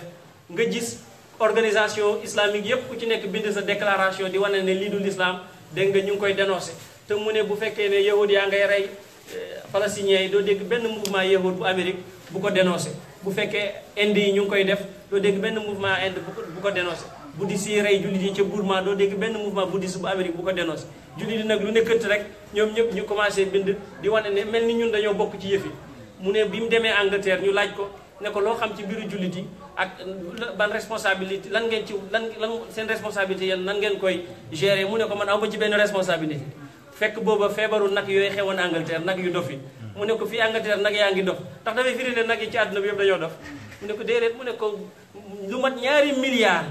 [SPEAKER 1] nga gis organisation islamique yépp ku ci nekk bind sa déclaration di wane ne lii du l'islam dégg nga ñu ngi koy dénoncé te mu ne bu fekkee ne yahud yaa ngay rey euh, palestiniens yi doo dégg benn mouvement yahud bu Amérique bu ko dénoncé bu fekkee Inde yi ñu ngi koy def doo dégg benn mouvement Inde bu ko dénoncé bouddhiste yi rey jullit yi ca Burma doo dégg benn mouvement bouddhiste bu Amérique bu ko dénoncé jullit yi nag lu nekkati rek ñoom ñëpp ñu commencé bind di wane ne mel ni ñun dañoo bokk ci yëf yi mu ne mu demee Angleterre ñu laaj ko ne loo xam ci mbiru jullit yi ak ban responsabilité lan ngeen ci lan lan seen responsabilité yéen nan koy gérer mu ne ko man aw ma ci benn responsabilité fekk booba feebaru nag yooyu xewoon Angleterre nag yu dof yi mu ne ko fii Angleterre nag yaa ngi dof ndax dafay firi ne nag yi ci àdduna bi yëpp dañoo dof mu ne ko déedéet mu ne ko lu mat ñaari milliards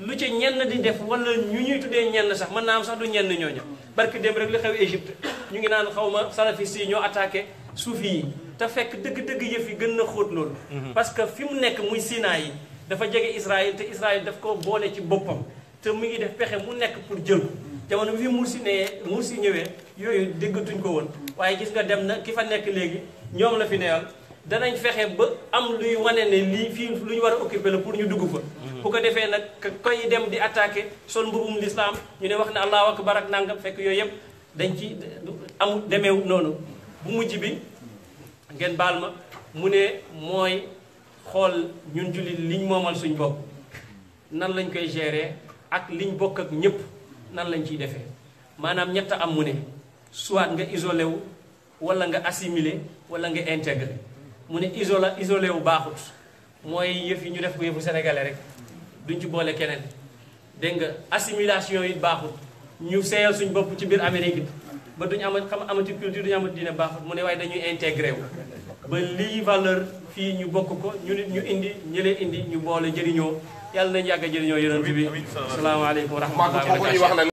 [SPEAKER 1] lu ca ñenn di def wala ñu ñuy tuddee ñenn sax mën naa am sax du ñenn ñooñu barki dem rek li xew Égypte ñu ngi naan xaw ma salafiste yi ñoo attaqué soufi yi te fekk dëgg-dëgg yëf yi gën a xóot loolu. Mhm. parce que fi mu nekk muy Sinaay yi dafa jege Israël te Israël daf ko boole ci boppam te mu ngi def pexe mu nekk pour jël jamono bi fi Mursi nee Mursi ñëwee yooyu déggatuñ ko woon waaye gis nga dem na ki fa nekk léegi ñoom la fi neyal. danañ fexe ba am luy wane ne lii fii lu ñu war a occupé la pour ñu dugg fa mhm. bu ko defee nag koy dem di attaqué sol mbubum lislaam ñu ne wax ne allahu akbar ak nangam fekk yooyu yëpp dañ ci amul demeewu noonu bu mujj bi ngeen baal ma mu ne mooy xool ñun jullit liñ moomal suñ bopp nan lañ koy gérer ak liñ bokk ak ñëpp nan lañ ciy defee maanaam ñett am mu ne soit nga isolé wu wala nga assimilé wala nga intégré mu ne isolé isolé wu baaxut mooy yëf yi ñu def ko yëfu sénégalais rek duñ ci boole keneen dégg nga assimilation yi baaxut ñu seeyal suñ bopp ci biir Amérique bi ba duñ amat xam amati culture duñu amati dina baaxut mu ne waaye dañuy intégré wu ba lii valeur fii ñu bokk ko ñu nit ñu indi ñëlee indi ñu boole jëriñoo yàlla nañ yàgg a jëriñoo yonent bi salaamaaleykum wa rahmatulah